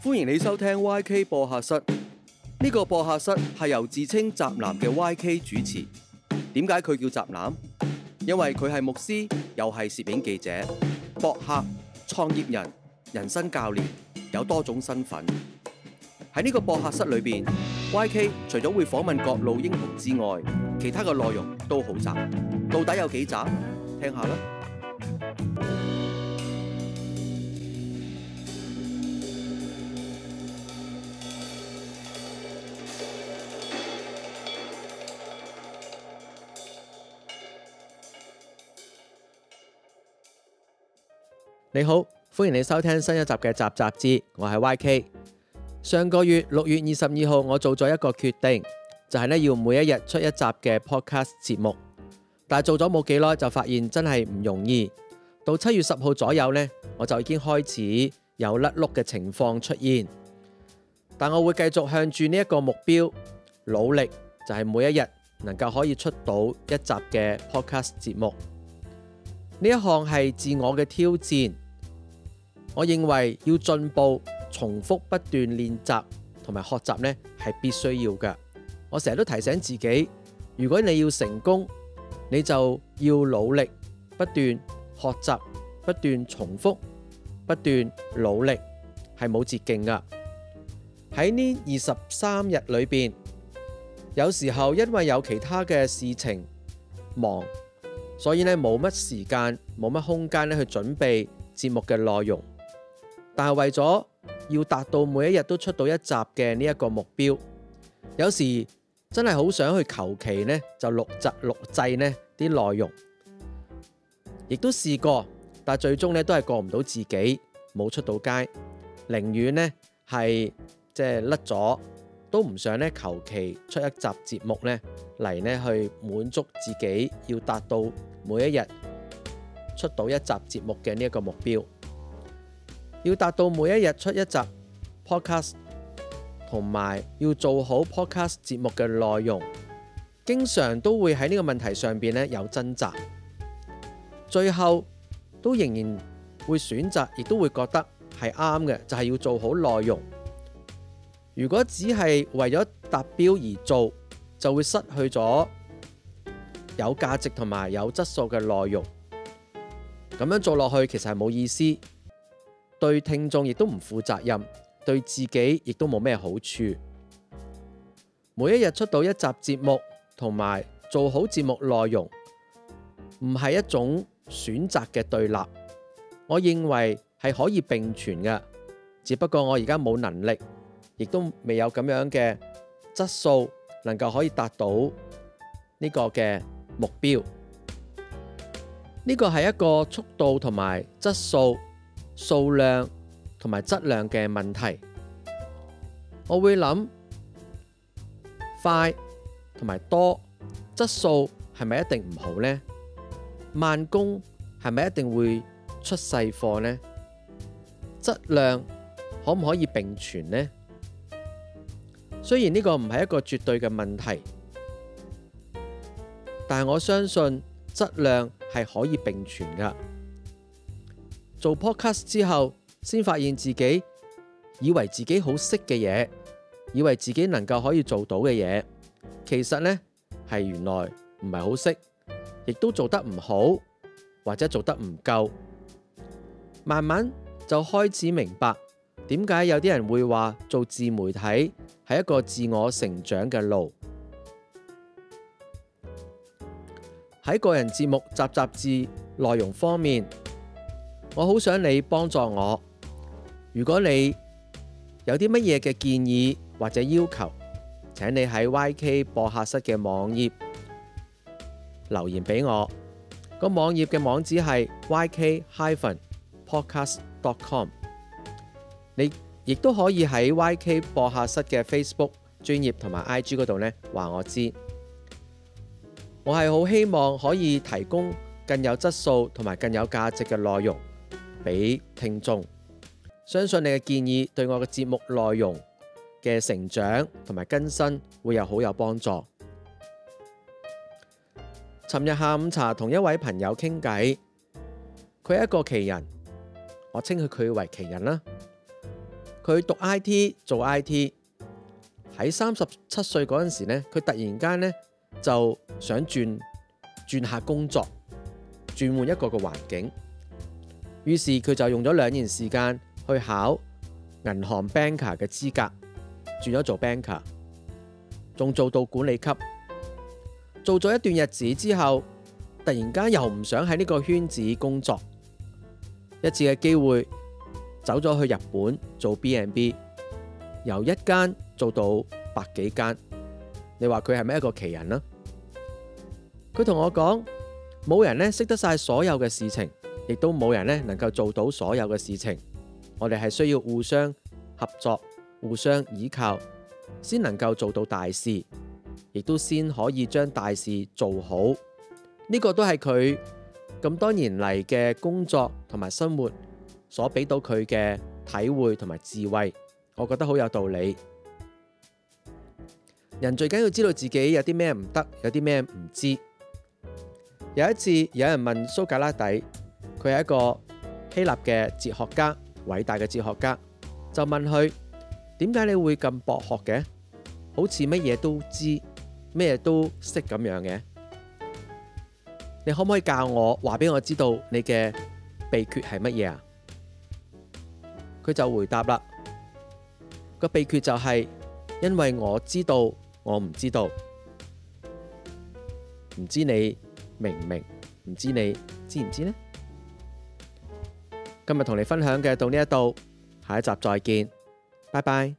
歡迎你收聽 YK 播客室，呢、這個播客室係由自稱宅男嘅 YK 主持。點解佢叫宅男？因為佢係牧師，又係攝影記者、博客、創業人、人生教練，有多種身份。喺呢個播客室裏面 YK 除咗會訪問各路英雄之外，其他嘅內容都好雜。到底有幾雜？聽下啦。你好，歡迎你收聽新一集嘅集集知，我係 YK。上個月六月二十二號，我做咗一個決定，就係咧要每一日出一集嘅 podcast 節目。但係做咗冇幾耐，就發現真係唔容易。到七月十號左右呢，我就已經開始有甩碌嘅情況出現。但我會繼續向住呢一個目標努力，就係每一日能夠可以出到一集嘅 podcast 節目。呢一項係自我嘅挑戰。我認為要進步，重複、不斷練習同埋學習呢係必須要嘅。我成日都提醒自己，如果你要成功，你就要努力、不斷學習、不斷重複、不斷努力，係冇捷徑嘅。喺呢二十三日裏邊，有時候因為有其他嘅事情忙，所以呢冇乜時間、冇乜空間去準備節目嘅內容。但係為咗要達到每一日都出到一集嘅呢一個目標，有時真係好想去求其呢就錄集錄製呢啲內容，亦都試過，但最終呢都係過唔到自己，冇出到街，寧願呢係即係甩咗，都唔想呢求其出一集節目呢嚟，呢去滿足自己要達到每一日出到一集節目嘅呢一個目標。要達到每一日出一集 podcast，同埋要做好 podcast 節目嘅內容，經常都會喺呢個問題上邊呢有掙扎，最後都仍然會選擇，亦都會覺得係啱嘅，就係要做好內容。如果只係為咗達標而做，就會失去咗有價值同埋有質素嘅內容。咁樣做落去，其實係冇意思。對聽眾亦都唔負責任，對自己亦都冇咩好處。每一日出到一集節目，同埋做好節目內容，唔係一種選擇嘅對立。我認為係可以並存嘅，只不過我而家冇能力，亦都未有咁樣嘅質素，能夠可以達到呢個嘅目標。呢個係一個速度同埋質素。數量同埋質量嘅問題，我會諗快同埋多，質素係咪一定唔好呢？慢工係咪一定會出細貨呢？質量可唔可以並存呢？雖然呢個唔係一個絕對嘅問題，但係我相信質量係可以並存噶。做 podcast 之後，先發現自己以為自己好識嘅嘢，以為自己能夠可以做到嘅嘢，其實呢係原來唔係好識，亦都做得唔好或者做得唔夠。慢慢就開始明白點解有啲人會話做自媒體係一個自我成長嘅路。喺個人節目、集雜誌內容方面。我好想你幫助我。如果你有啲乜嘢嘅建議或者要求，請你喺 YK 播客室嘅網頁留言俾我。個網頁嘅網址係 YK-podcast.com。你亦都可以喺 YK 播客室嘅 Facebook 專頁同埋 IG 嗰度呢話我知。我係好希望可以提供更有質素同埋更有價值嘅內容。俾聽眾，相信你嘅建議對我嘅節目內容嘅成長同埋更新會有好有幫助。尋日下午茶同一位朋友傾偈，佢係一個奇人，我稱佢佢為奇人啦。佢讀 IT 做 IT，喺三十七歲嗰陣時呢，佢突然間呢就想轉轉下工作，轉換一個嘅環境。於是佢就用咗兩年時間去考銀行 banker 嘅資格，轉咗做 banker，仲做到管理級。做咗一段日子之後，突然間又唔想喺呢個圈子工作，一次嘅機會，走咗去日本做 B and B，由一間做到百幾間。你話佢係咪一個奇人啦？佢同我講，冇人呢識得晒所有嘅事情。亦都冇人咧，能夠做到所有嘅事情。我哋係需要互相合作、互相依靠，先能夠做到大事，亦都先可以將大事做好。呢個都係佢咁多年嚟嘅工作同埋生活所俾到佢嘅體會同埋智慧。我覺得好有道理。人最緊要知道自己有啲咩唔得，有啲咩唔知。有一次，有人問蘇格拉底。佢係一個希臘嘅哲學家，偉大嘅哲學家就問佢：點解你會咁博學嘅？好似乜嘢都知，咩嘢都識咁樣嘅？你可唔可以教我，話俾我知道你嘅秘訣係乜嘢啊？佢就回答啦：個秘訣就係因為我知道我唔知道，唔知你明唔明？唔知你知唔知呢。」今日同你分享嘅到呢一度，下一集再見，拜拜。